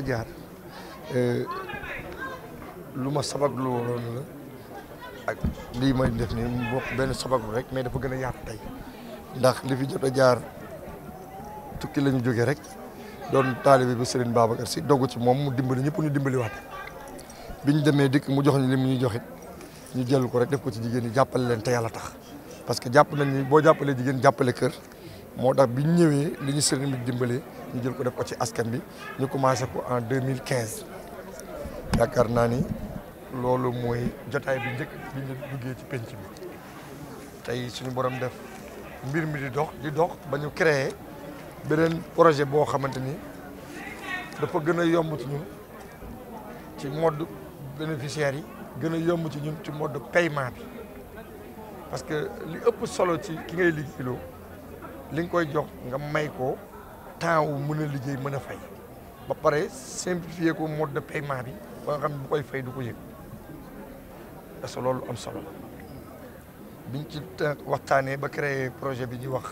fa jaar euh, lu ma sabab lu la ak lii may def nii mu bokk benn sabab rek mais dafa gën a yaatu tey ndax li fi jot a jaar tukki lañu ñu jógee rek doon taalibe bi Serigne Babacar Sy dogu ci moom mu dimbali ñëpp ñu dimbali wax bi ñu demee dikk mu jox ñu li mu ñu joxit ñu jël ko rek def ko ci jigéen ñi jàppale leen te yàlla tax parce que jàpp nañ ni boo jàppalee jigéen jàppale kër moo tax bi ñu ñëwee li ñu Serigne bi dimbalee ñu jël ko def ko ci askan bi ñu commencé ko en 2015 yaakaar naa ni loolu mooy jotaay bi njëkk bi ñu duggee ci penc bi tey suñu borom def mbir mi di dox di dox ba ñu créé beneen projet boo xamante ni dafa gën a yomb ci ñun ci mode bénéficiaires yi gën a yomb ci ñun ci mode paiement bi parce que li ëpp solo ci ki ngay liggéeyloo li nga koy jox nga may ko. temps wu mën a liggéey mën a fay ba pare simplifier ko mode de paiement bi ba nga xam bu koy fay du ko yëg parce que am solo biñ ci waxtaanee ba créer projet bi ñuy wax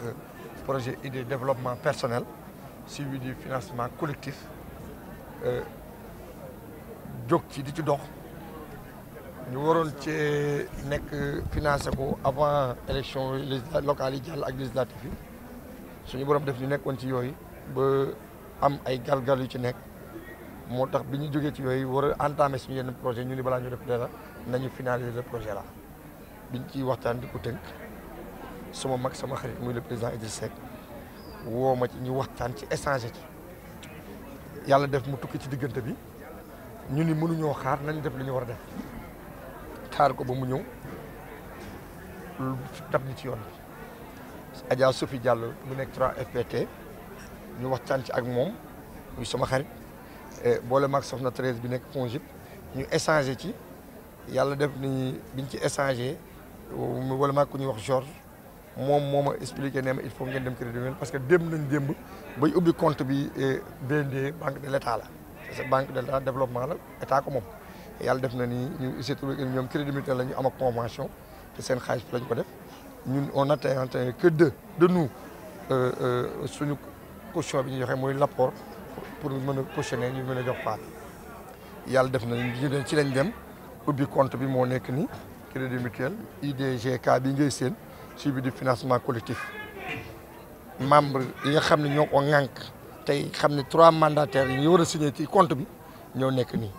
projet idée développement personnel suivi du financement collectif euh, jóg ci di ci dox ñu waroon ci nekk financé ko avant élection locales yi jàll ak législative suñu borom def ñu nekkoon ci yooyu ba am ay gal gal yu ci nekk moo tax bi ñu jógee ci yooyu war a entamer suñu yenn projet ñu ni balaa ñu def la nañu finaliser le projet la biñ ciy waxtaan di ko tënk mag sama xarit muy le président Idriss woo ma ci ñu waxtaan ci échanger ci yàlla def mu tukki ci diggante bi ñu ni mënuñoo xaar nañ def lu ñu war a def xaar ko ba mu ñëw dab ñu ci yoon bi Adja Sophie Diallo mu nekk 3FPT ñu wax ci ak moom muy sama xarit eh, boole maag na traise bi nekk FONGIP ñu échangé ci yàlla def ni biñ ci échangé wala maag ku ñuy wax Georges moom moom ma expliquer ne ma il faut ngeen dem crédit mutuel parce que démb nañ démb bay ubbi compte bi eh, BND banque de l' état la parce que banque de l' développement la état ko moom yàlla def na ni ñu surtout ñoom crédit mutuel la lañu am ak convention te seen xaalis bi la ko def ñun on n'attend que deux de nous euh, euh, suñu caution bi ñu joxe mooy l'apport pour mën a ñu mën a jox paat yàlla def na ñu dem ci lañ dem ubbi compte bi moo nekk ni crédit mutuel IDGK bi ngay seen suivi du financement collectif membre yi nga xam ne ñoo ko ŋànk tey xam ne trois mandataires yi ñu war a signé ci compte bi ñoo nekk nii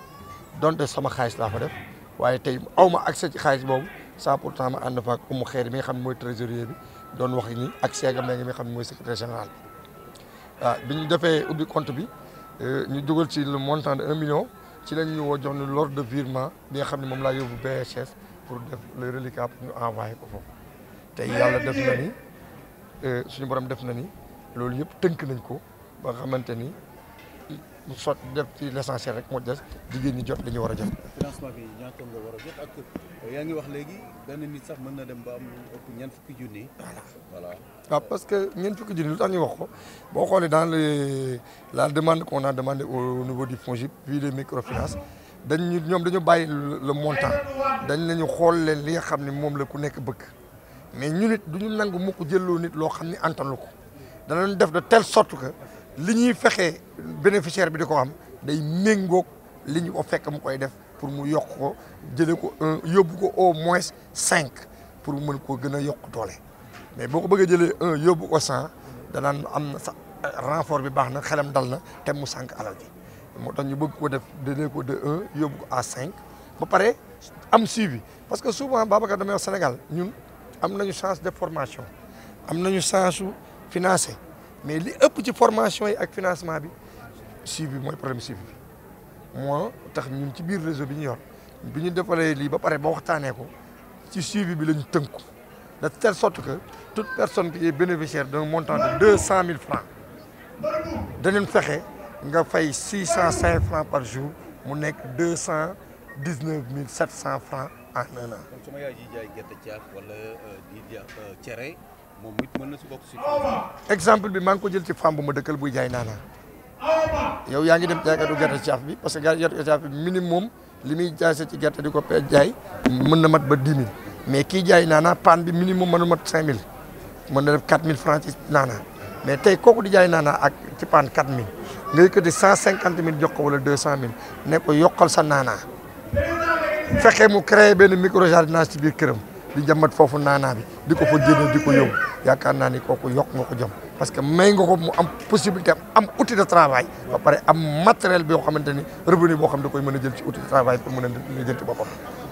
de sama xaalis laa fa def waaye tey aw ma accès ci xaalis boobu ça pourtant ma ànd fa ak umu xeer mi nga xam ne mooy trésorier bi doon wax ni ak seegam na nga xam mooy secrétaire général ah bi ñu defee ubbi compte bi euh, ñu dugal si le montant de un million ci lañ ñu woo jox ñu de virement bi nga xam ne moom laa yóbbu BHS pour def le reliquat pour ñu envoyé ko foofu tey yàlla def na ni euh, suñu borom def na ni loolu yëpp tënk nañ ko ba xamante ni. bu sot def ci l'essentiel rek moo des jigéen ñi jot li war a jot. financement bi ñaata nga war a yaa ngi wax léegi benn nit sax mën na dem ba am ëpp ñeent fukki junni. voilà waaw parce que ñeent fukki junni lu tax ñu wax ko boo xoolee dans les la demande qu'on naa demandé au niveau du FONGIP puis les microfinances dañ ñu ñoom dañu bàyyi le montant dañ nañu xool leen li nga xam ne moom la ku nekk bëgg mais ñu nit duñu ñu nangu mukk loo nit loo xam ne antanu ko danañ def de telle sorte que. li ñuy fexe bénéficiaire bi di ko am day méngoog li ñu ko fekk mu koy def pour mu yokk ko jëlee ko un yóbbu ko au moins cinq pour mu mën koo gën a yokk doole mais boo ko bëggee jëlee un yóbbu ko cent danaan am na sax renfort bi baax na xelam dal na te mu cinq alal ji moo tax ñu bëgg ko def jëlee ko de un yóbbu ko à cinq ba pare am suivi parce que souvent Babacar damay wax Sénégal ñun am nañu chance de formation am na ñu chance su financé. mais li ëpp ci formation yi ak financement bi suivi mooy problème suivi bi moo tax ñun ci biir réseau bi ñu yor bi ñu defalee lii ba pare ba waxtaanee ko ci suivi bi lañ tënku de telle sorte que toute personne qui est bénéficiaire d'un montant de deux cent mille francs danañ fexe nga fay six cent cinq francs par jour mu nekk deux cent dix neuf mille cent francs en un an. kon su ma wala euh, euh, cere. moom mën na si bokk si. exemple bi maa ngi ko jël ci femme bu ma dëkkal bu jaay naana yow yaa ngi dem jaaykatu gerte caaf bi parce que gerte caaf bi minimum li muy jaay ci gerte di ko pe jaay mën na mat ba dix mille mais kii jaay naana paan bi minimum mënu mat cinq mille mën na def quatre mille francs ci naana mais tey kooku di jaay naana ak ci paan quatre mille nga cinquante mille jox ko wala deux cent mille ne ko yokkal sa naana fexe mu créé benn micro jardinage ci biir këram di jàmmat foofu naanaa bi di ko fa génne di ko yóbbu yaakaar naa ni kooku yokk nga ko jom parce que may nga ko mu am possibilité am outil de travail ba pare am matériel bi yoo xamante ni revenu boo xam da koy mën a jël ci outil de travail pour mën a jënti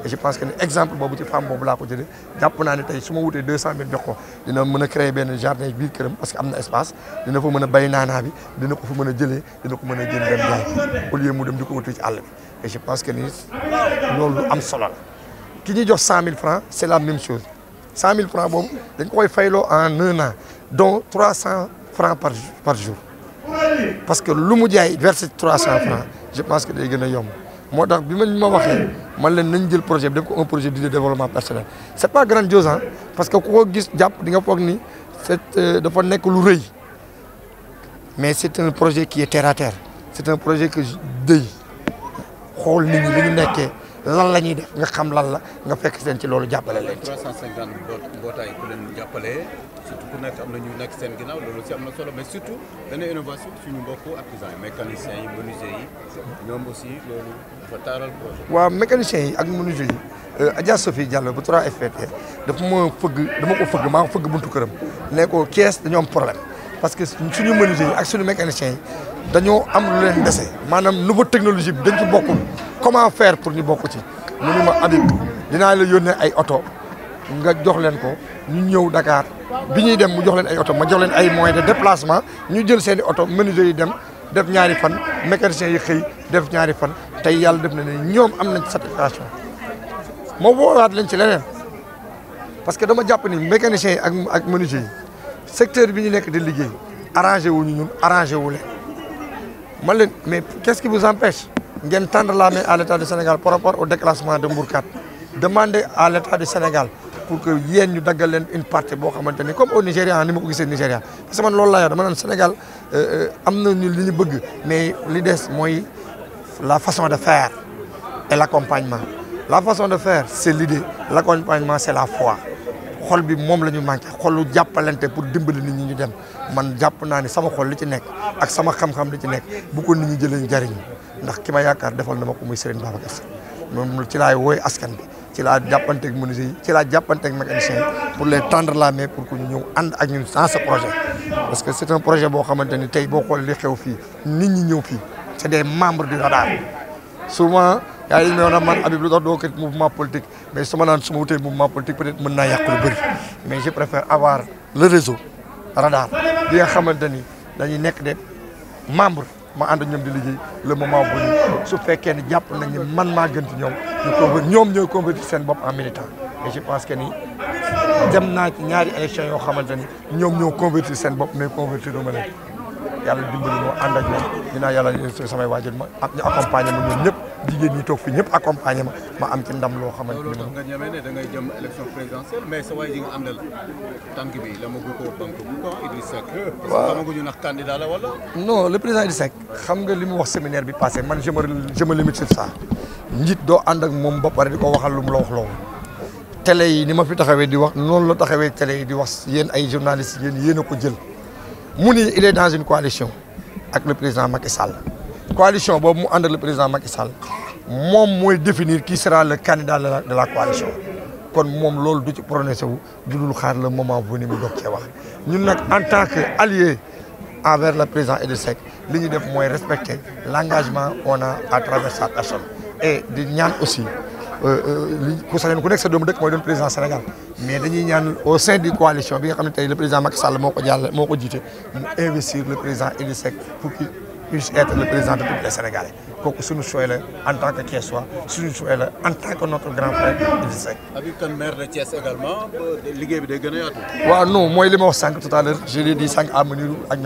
je pense que ne exemple boobu ci femme boobu laa ko jëlee jàpp naa ne tey su ma wutee deux cent mille jox ko dina a créer benn jardin biir këram parce que am na espace dina fa mën a bay naanaa bi dina ko fa mën a jëlee dina ko mën a jënd dem jaay au lieu dem di ko wuti ci je pense que ni loolu am solo la ñuy jox cent mille francs c'est la même chose cent mille francs boobu dañ ko koy fayloo en un an dont trois cent francs par par jour parce que lu mu jaay verser trois cent francs je pense que day gën a yomb moo tax bi mañ ma waxee man leen nañ jël projet bi ko un projet de développement personnel c' est pas grandiose ah parce que ku ko gis jàpp di nga foog ni c' est euh, dafa nekk lu rëy mais c' un projet qui est terre à un projet que dëy xool nit ñi li ñu nekkee lan la ñuy def nga xam lan la nga fekk seen ci loolu jàppale leen ci. 350 mbootaay ku leen jàppale surtout ku nekk am na ñu nekk seen ginnaaw loolu aussi am na solo mais surtout benn innovation suñu mbokku artisans yi mécaniciens yi menuisiers yi ñoom aussi loolu dafa taaral projet. waaw yi ak menuisiers yi euh, Adja Sophie Diallo bu 3FPT dafa ma fëgg dama ko fëgg maa fëgg buntu këram ne ko kees dañoo am problème parce que suñu menuisiers ak suñu mécaniciens dañoo am maanaam nouveau technologie bi dañ ci bokkul. comment faire pour ñu bokk ci mu ni ma Habib dinaa la yónnee ay oto nga jox leen ko ñu ñëw Dakar bi ñuy dem mu jox leen ay oto ma jox leen ay moyens de déplacement ñu jël seeni i oto menuisier yi dem def ñaari fan mécanicien yi xëy def ñaari fan tey yàlla def na ne ñoom am na satisfaction moo woowaat leen ci leneen parce que dama jàpp ni mécanicien yi ak ak menuisier yi secteur bi ñu nekk di liggéey arrangé wu ñu ñun arrangé wu leen leen mais qu'est-ce qui vous ngeen tendre la main à l'État du Sénégal par rapport au déclassement de Mbour 4 demandez à l'État Sénégal pour que yéen ñu daggal leen une partie boo xamante ni comme au Nigéria ni ma ko gisee Nigéria parce que man loolu laa yor dama naan Sénégal euh, euh, am nañu li ñu bëgg mais li des mooy la façon de faire et l'accompagnement la façon de faire c'est l'idée l'accompagnement c'est la foi xol bi moom la ñu manqué xolu jàppalante pour dimbali nit ñi ñu dem man jàpp naa ne sama xol li ci nekk ak sama xam-xam ci nekk bu ko nit ñi jëlee njariñ ndax ki ma yaakaar defal na ma ko muy Serigne Babacar Sy moom ci laay wooy askan bi ci laa jàppanteeg menuisier yi ci laa jàppanteeg mécanicien yi pour les tendre la main pour que ñu ñëw ànd ak ñun sans projet parce que c'est un projet boo xamante ni tey boo xoolee li xew fii nit ñi ñëw fii c'est des membres du radar souvent yaa ngi ñëw na man Habib lu tax doo ko mouvement politique mais su ma naan su ma wutee mouvement politique peut-être mën naa yàq lu bëri mais je préfère avoir le réseau radar bi nga xamante ni dañuy nekk des membres ma ànd ñoom di liggéey le moment bu su fekkee ni jàpp nañ ne man maa gën ci ñoom ñoom ñooy convertir seen bopp en militant et je pense que ni dem naa ci ñaari élection yoo xamante ni ñoom ñoo convertir seen bopp mais convertir duma leen yàlla dimbali moo ànd ak ñoom dinaa yàlla samay waajur ma ñu accompagné ma ñoom ñëpp jigéen ñi toog fi ñëpp accompagné ma ma am ci ndam loo xamante ni ne da ngay jëm mais sa waay ji nga bi la ma ko banque bu ko Idrissa Seck waaw la wala non le président Idrissa Seck xam nga li mu wax séminaire bi passé man je me je me limite sur ça njit doo ànd ak moom ba pare di ko waxal lu la wax loolu télé yi ni ma fi taxawee di wax noonu la taxawee télé yi di wax yéen ay journalistes yéen yéen a ko jël mu ni il est dans une coalition ak le président Macky Sall coalition boobu mu ànd le président Macky Sall moom mooy définir qui sera le candidat de la coalition kon moom loolu du ci prononcé wu du dul xaar le moment venu mu doog cee wax ñun nag en tant que allié envers le président Idrissa sec li ñu def mooy respecter l'engagement on a à travers sa personne et di ñaan aussi li euh, euh, ku sañoon ku nekk sa doomu dëkk mooy doon président Sénégal mais dañuy ñaan au sein du coalition bi nga xam ne tey le président Macky Sall moo ko jàll ko jiite mu investir le président Idrissa pour qu'il puisse être le président de tous les Sénégalais kooku suñu choix la en tant que Thiessois suñu choix en tant que notre grand frère Idrissa Seck. bi day gën a yaatu. waaw non mooy li ma wax sànq tout à l'heure je l'ai dit sànq à Mounirou ak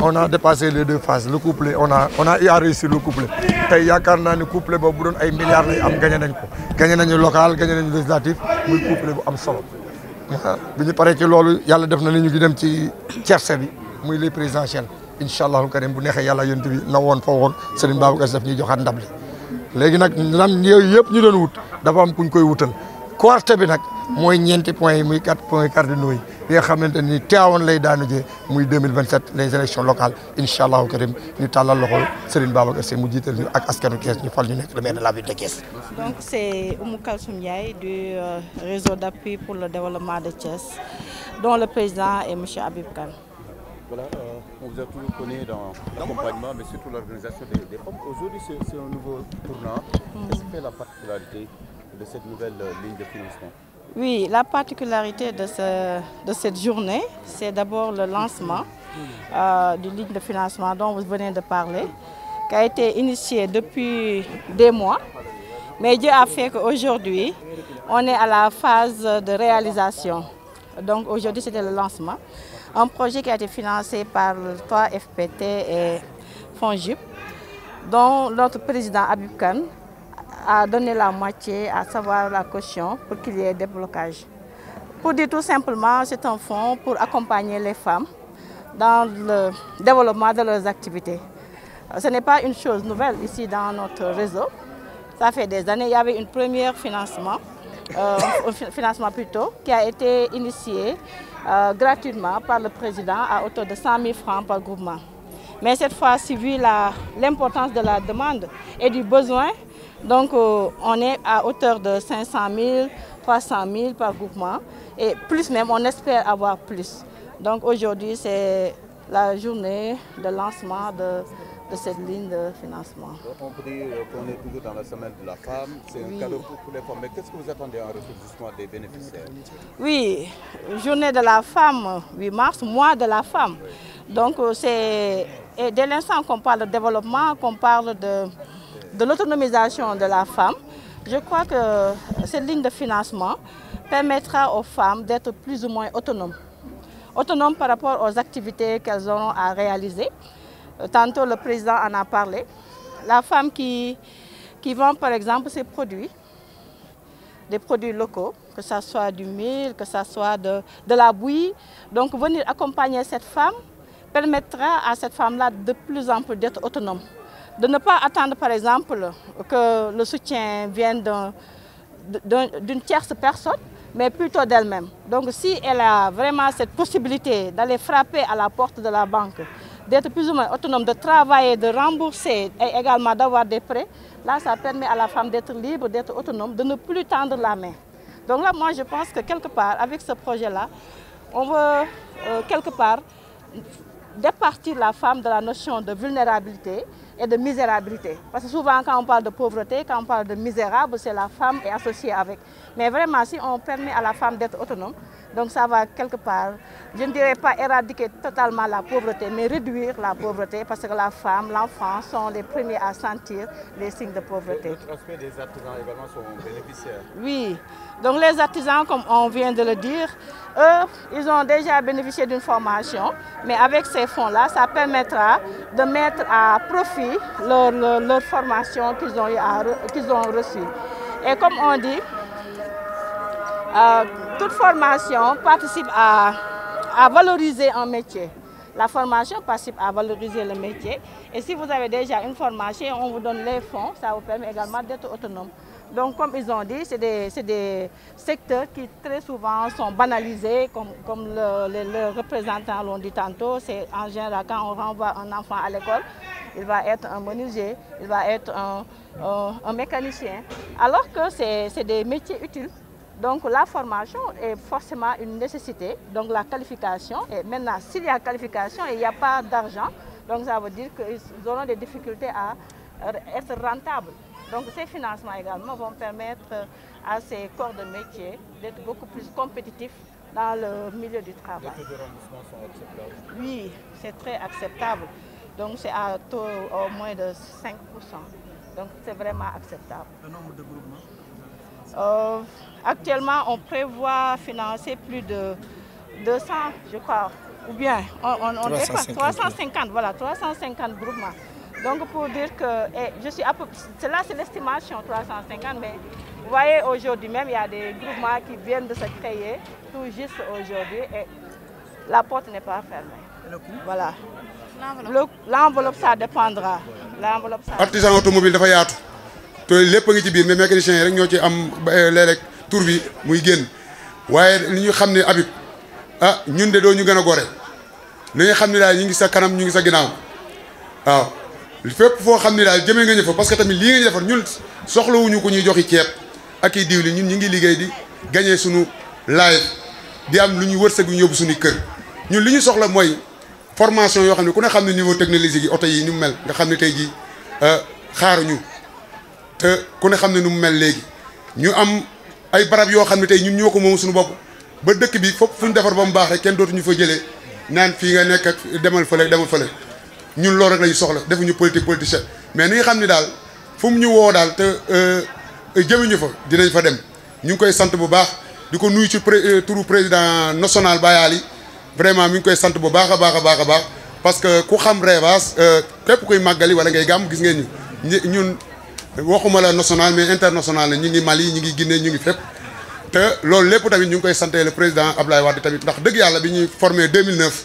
on a dépassé les deux phases le couplet on a on réussir le couplet tey yaakaar naa ni couple boobu bu doon ay milliards am gagné nañ ko gagné nañu local gagné nañu législatif muy couple bu am solo ah, bi ñu paree ci loolu yàlla def na ni ñu ngi dem ci tiercé bi muy les présidentielles incha allahu karim bu neexee yàlla yonent bi na woon foo woon Serigne Babacar Sy daf ñuy joxaat ndab li léegi nag ndam yëpp ñu doon wut dafa am kuñ koy wutal quarté bi nag mooy ñeenti points yi muy quatre points cardinaux yi nga xamante ni Tivaouane lay daanu jee muy 2027 les élections locales incha allahu karim ñu tàllal loxol Serigne Babacar Sy mu jiital ñu ak askanu Thiès ñu fal ñu nekk le maire de la ville de Thiès. donc c' est Oumou Kalsoum Ndiaye du euh, réseau d' appui pour le développement de Thiès dont le président est monsieur Habib Kane. Voilà, euh, a toujours connu dans l'accompagnement, mais surtout l'organisation des, des Oui, la particularité de, ce, de cette journée, c'est d'abord le lancement euh, du ligne de financement dont vous venez de parler, qui a été initié depuis des mois. Mais Dieu a fait qu'aujourd'hui, on est à la phase de réalisation. Donc aujourd'hui, c'était le lancement. Un projet qui a été financé par le 3FPT et FONGIP, dont notre président Abib Khan à donner la moitié, à savoir la caution, pour qu'il y ait des blocages. Pour dire tout simplement, c'est un fonds pour accompagner les femmes dans le développement de leurs activités. Ce n'est pas une chose nouvelle ici dans notre réseau. Ça fait des années, il y avait une première financement, euh, financement plutôt, qui a été initié euh, gratuitement par le président à hauteur de 100 000 francs par groupement. Mais cette fois-ci, vu l'importance de la demande et du besoin, Donc, euh, on est à hauteur de 500 000, 300 000 par groupement. Et plus même, on espère avoir plus. Donc, aujourd'hui, c'est la journée de lancement de, de, cette ligne de financement. On peut dire qu'on est toujours de la femme. C'est oui. Mais qu'est-ce que vous attendez en retour justement bénéficiaires Oui, journée de la femme, mars, mois de la femme. Donc, euh, c'est... Et dès l'instant qu'on parle de développement, qu'on parle de de l'autonomisation de la femme, je crois que cette ligne de financement permettra aux femmes d'être plus ou moins autonomes. par rapport aux activités qu'elles auront à réaliser. Tantôt, le président en a parlé. La femme qui, qui vend, par exemple, ses produits, des produits locaux, que ce soit du mil, que ce soit de, de la bouillie. Donc, venir accompagner cette femme permettra à cette femme-là de plus en plus d'être autonome. de ne pas attendre, par exemple, que le soutien vienne d'une un, tierce personne, mais plutôt d'elle-même. Donc si elle a vraiment cette possibilité d'aller frapper à la porte de la banque, d'être plus ou moins autonome, de travailler, de rembourser et également d'avoir des prêts, là ça à la femme d'être libre, d'être autonome, de ne plus tendre la main. Donc là, moi je pense que quelque part, avec ce projet-là, on veut euh, quelque part départir la femme de la notion de vulnérabilité et de misérabilité. Parce que souvent, quand on parle de pauvreté, quand on parle de misérable, c'est la femme est associée avec. Mais vraiment, si on permet à la femme d'être autonome, Donc ça va quelque part, je ne dirais pas éradiquer totalement la pauvreté, mais réduire la pauvreté parce que la femme, l'enfant sont les premiers à sentir les signes de pauvreté. D'autres aspects des artisans Oui, donc les artisans, comme on vient de le dire, eux, ils ont déjà bénéficié d'une formation, mais avec ces fonds-là, ça permettra de mettre à profit leur, formation qu'ils ont, qu'ils ont Et comme on dit, Euh, toute formation participe à, à valoriser un métier. La formation participe à valoriser le métier. Et si vous avez déjà une formation, on vous donne les fonds, ça vous permet également d'être autonome. Donc, comme ils ont dit, c'est des, des, secteurs qui très souvent sont banalisés, comme, comme le, le, le représentant l'ont dit tantôt. C'est en général quand on renvoie un enfant à l'école, il va être un menuisier, il va être un, des métiers utiles Donc la formation est forcément une nécessité, donc la qualification. Et maintenant, s'il y a qualification et il n'y a pas d'argent, donc ça veut dire qu'ils auront des difficultés à être rentables. Donc ces financements également vont permettre à ces corps de métier d'être beaucoup plus compétitifs dans le milieu du travail. Les taux de rendement sont acceptables Oui, c'est très acceptable. Donc c'est à taux au moins de 5%. Donc c'est vraiment acceptable. Le nombre Euh, actuellement, on prévoit financer plus de 200, je crois, ou bien on, on, on 350, dépasse 350, voilà, 350 groupements. Donc pour dire que et eh, je suis à peu, cela c'est l'estimation 350, mais vous voyez aujourd'hui même il y a des groupements qui viennent de se créer tout juste aujourd'hui et la porte n'est pas fermée. Le coût? Voilà. L'enveloppe, l'enveloppe ça dépendra. L'enveloppe ça. Artisan automobile dafa yaatu. te lépp a ngi ci biir mais mécaniciens yi rek ñoo ci am ba euh, léeg-léeg tur bi muy génn waaye li ñu xam ne Habib ah ñun de doo ñu gën a gore li nga xam ne daal ñu ngi sa kanam ñu ngi sa ginnaaw waaw fepp foo xam ne daal jëmee nga ñu fa parce que tamit lii nga ñu defar ñun soxlawuñu ko ñuy joxi ceeb ak i diwli ñun ñu ngi liggéey di gañee suñu live di am lu ñu wërsëg ñu yóbbu suñu kër ñun li ñu soxla mooy formation yoo xam ne ku ne xam ne niveau technologique yi oto yi ñu mel nga xam ne tey jii euh, xaaruñu te ku ne xam ne nu mu mel léegi ñu am ay barab yoo xam ne tey ñun ñoo ko moom suñu bopp ba dëkk bi fopp fu ñu defar ba mu baax rek kenn dootuñu fa jëlee naan fii nga nekk demal fële demal fële ñun loolu rek la ñu soxla defuñu politique politicien mais ni nga xam ne daal fu mu ñu woo daal te euh, euh, jëmiñu fa dinañ fa dem ñu ngi koy sant bu baax di ko nuyu ci euh, turu président national yi vraiment mi ngi koy sant bu baax a baax a baax a baax parce que ku xam Revaas képp kuy màggali wala ngay gàmm gis ngeen ñu waxuma la national mais international la ñu ngi Mali ñu ngi Guinée ñu ngi fépp te loolu lépp tamit ñu ngi koy sante le président Abdoulaye Wade tamit ndax dëgg yàlla bi ñuy formé 2009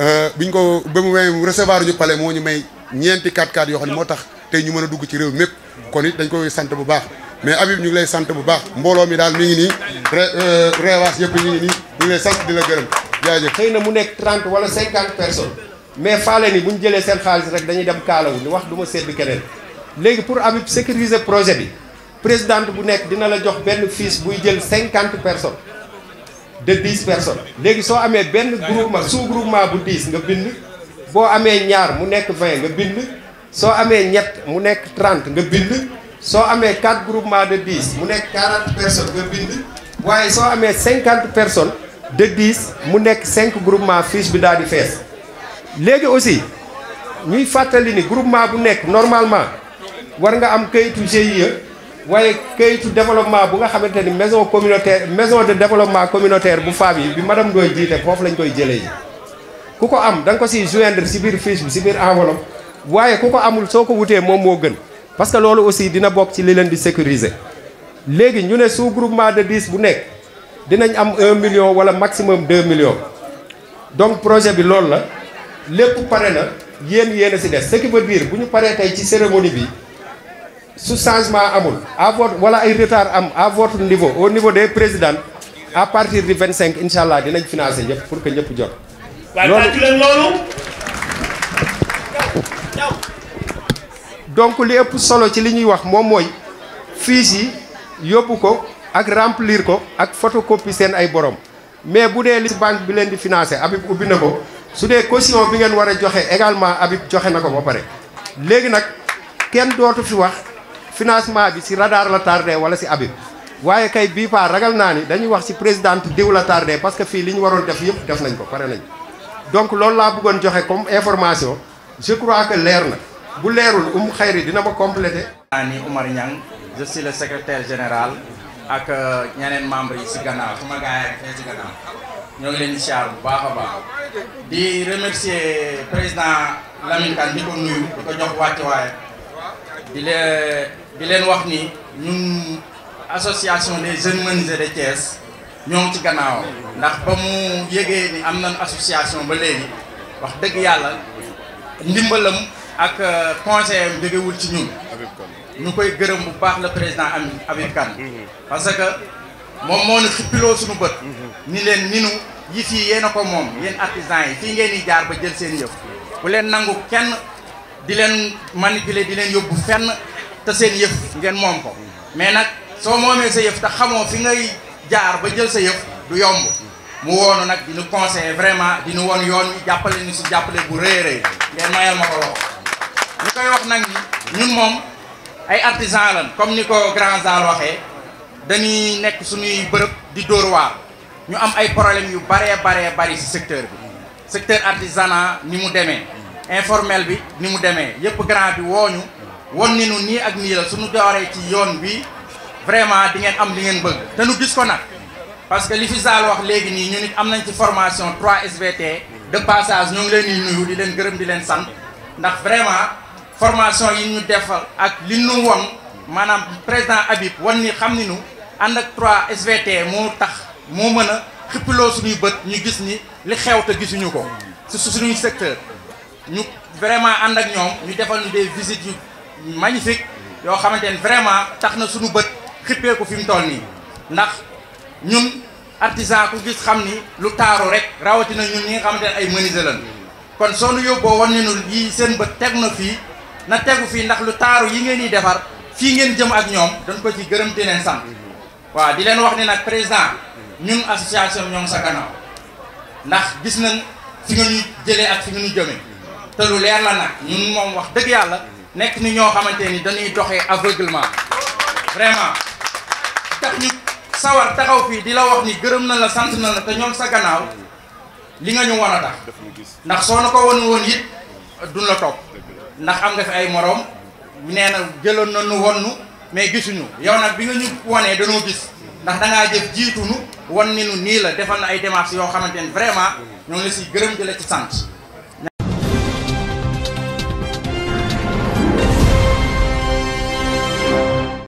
euh, bi ñu ko ba mu may recevoir ñu pale moo ñu may ñeenti 4 x yoo xam ne moo tax tey ñu mën a dugg ci réew mépp kon it dañ koy sant bu baax mais abi ñu ngi lay sant bu baax mbooloo mi daal mii ngi nii reewaas euh, yëpp ñu ngi nii ñu ngi lay sant di la gërëm jaajëf xëy na mu nekk 30 wala 50 personnes mais faale bu ñu jëlee seen xaalis rek dañuy dem kaalawu ni wax du ma sedd keneen léegi pour Habib sécuriser projet bi présidente bu nekk dina la jox benn fiche buy jël cinquante personnes de dix léegi soo amee benn groupement su groupement bu dix nga bind boo amee ñaar mu nekk vingt nga bind soo amee ñett mu nekk trente nga bind soo amee quatre groupement de dix mu nekk quarante personnes nga bind waaye soo amee cinquante personnes de mu nekk cinq groupement fiche bi daal di fees léegi aussi ñuy fàttali ni groupement bu nekk normalement war nga am kayitu GIE waaye kayitu développement bu nga xamante ni maison communautaire maison de développement communautaire bu femme yi bi madame Ndoye jiite foofu lañ koy jëlee ku ko am da nga ko siy joindre si biir fiche bi si biir enveloppe waaye ku ko amul soo ko wutee moom moo gën parce que loolu aussi dina bokk ci li leen di sécuriser léegi ñu ne sous groupement de dix bu nekk dinañ am un million wala maximum deux millions donc projet bi loolu la lépp pare na yéen yéen a si des ce bu ñu paree tey ci cérémonie bi su changement amul à votre wala ay retard am à votre niveau au niveau des présidents à partir vingt cinq incha allah dinañ financé ñëpp pour que ñëpp jot. loolu donc li ëpp solo ci li ñuy wax moom mooy fiches yi yóbbu ko ak remplir ko ak photocopie seen ay borom mais bu dee li banque bi leen di financer Habib ubbi na ko su dee caution bi ngeen war a joxe également Habib joxe na ko ba pare léegi nag kenn dootu fi wax. financement bi si radar la tardé wala si Habib waaye kay bii paa ragal naa ni dañuy wax si présidente diw la tardé parce que fii li ñu waroon def yëpp def nañ ko pare nañ donc loolu laa bëggoon joxe comme information je crois que leer na bu leerul um xayri dina ma complété. maa ni Oumar Niang je suis le secrétaire général ak euh, ñeneen membre yi si gannaaw suma gars ñoo ngi leen di siyaar bu baax a baax di remercier président Lamine Kane ko nuyu di ko jox wàccuwaay. di leen di leen wax ni ñun association des jeunes menuisiers de Thiès ñoo ngi ci gannaaw ndax ba mu yégee ni am nañ association ba léegi wax dëgg yàlla ndimbalam ak euh, conseil am jógewul ci ñun ñu koy gërëm bu baax le président am Habib parce que moom moo nu xippiloo suñu bët ni leen ni nu yi fii yéen a ko moom yéen artisans yi fii ngeen di jaar ba jël seen yëf bu leen nangu kenn di leen manipuler di leen yóbbu fenn te seen yëf ngeen moom ko mais nag soo moomee sa yëf te xamoo fi ngay jaar ba jël sa yëf du yomb mu woonu nag di ñu vraiment di ñu woon yoon wi jàppale ni si jàppale bu rëy rëy ngeen mayal ma ko loxo ñu koy wax nag ni moom ay artisan lan comme ni ko grand zal waxee dañuy nekk suñuy bërëb di dóor waar ñu am ay problème yu baree baree bari ci secteur bi secteur artisanat ni mu demee informel bi ni mu demee yëpp grand bi wooñu won ni nu nii ak nii la suñu dooree ci yoon bi vraiment di ngeen am li ngeen bëgg te nu gis ko nag parce que li fi Zal wax léegi nii ñu nit am nañ ci formation 3 SVT de passage ñoo ngi leen di nuyu di leen gërëm di leen sant ndax vraiment formation yi ñu defal ak li nu won maanaam président Habib wan ni xam ni nu ànd ak 3 t moo tax moo mën a xippiloo suñuy bët ñu gis ni li xew te gisuñu ko ñu vraiment ànd ak ñoom ñu defal ñu des visites yu magnifiques yoo xamante ne vraiment tax na suñu bët xippeeku fi mu tool nii ndax ñun artisan ku gis xam ni lu taaru rek rawatina ñun ñi nga xamante ne ay menuisier lañ kon soo nu yóbboo wan ne nu yi seen bët teg na fii na tegu fii ndax lu taaru yi ngeen di defar fii ngeen jëm ak ñoom dañ ko ci gërëm di leen sant waaw di leen wax ne nag président ñun association ñoom sa gannaaw ndax gis nañ fi nga ñu jëlee ak fi nga ñu te leer la nag ñun moom wax dëgg yàlla nekk ni ñoo xamante ni dañuy doxee aveuglement vraiment tax ñu sawar taxaw fii di la wax ni gërëm na la sant na la te ñoom sa gannaaw li nga ñu a tax ndax soo na ko won woon it duñ la topp ndax am nga fi ay moroom nee na jëloon na nu wonnu mais gisuñu yow nag bi nga ñu wonee dañoo gis ndax dangaa jiitu nu won ni nu nii la defal na ay démarches yoo xamante ne vraiment ñoo ngi la si gërëm di ci sant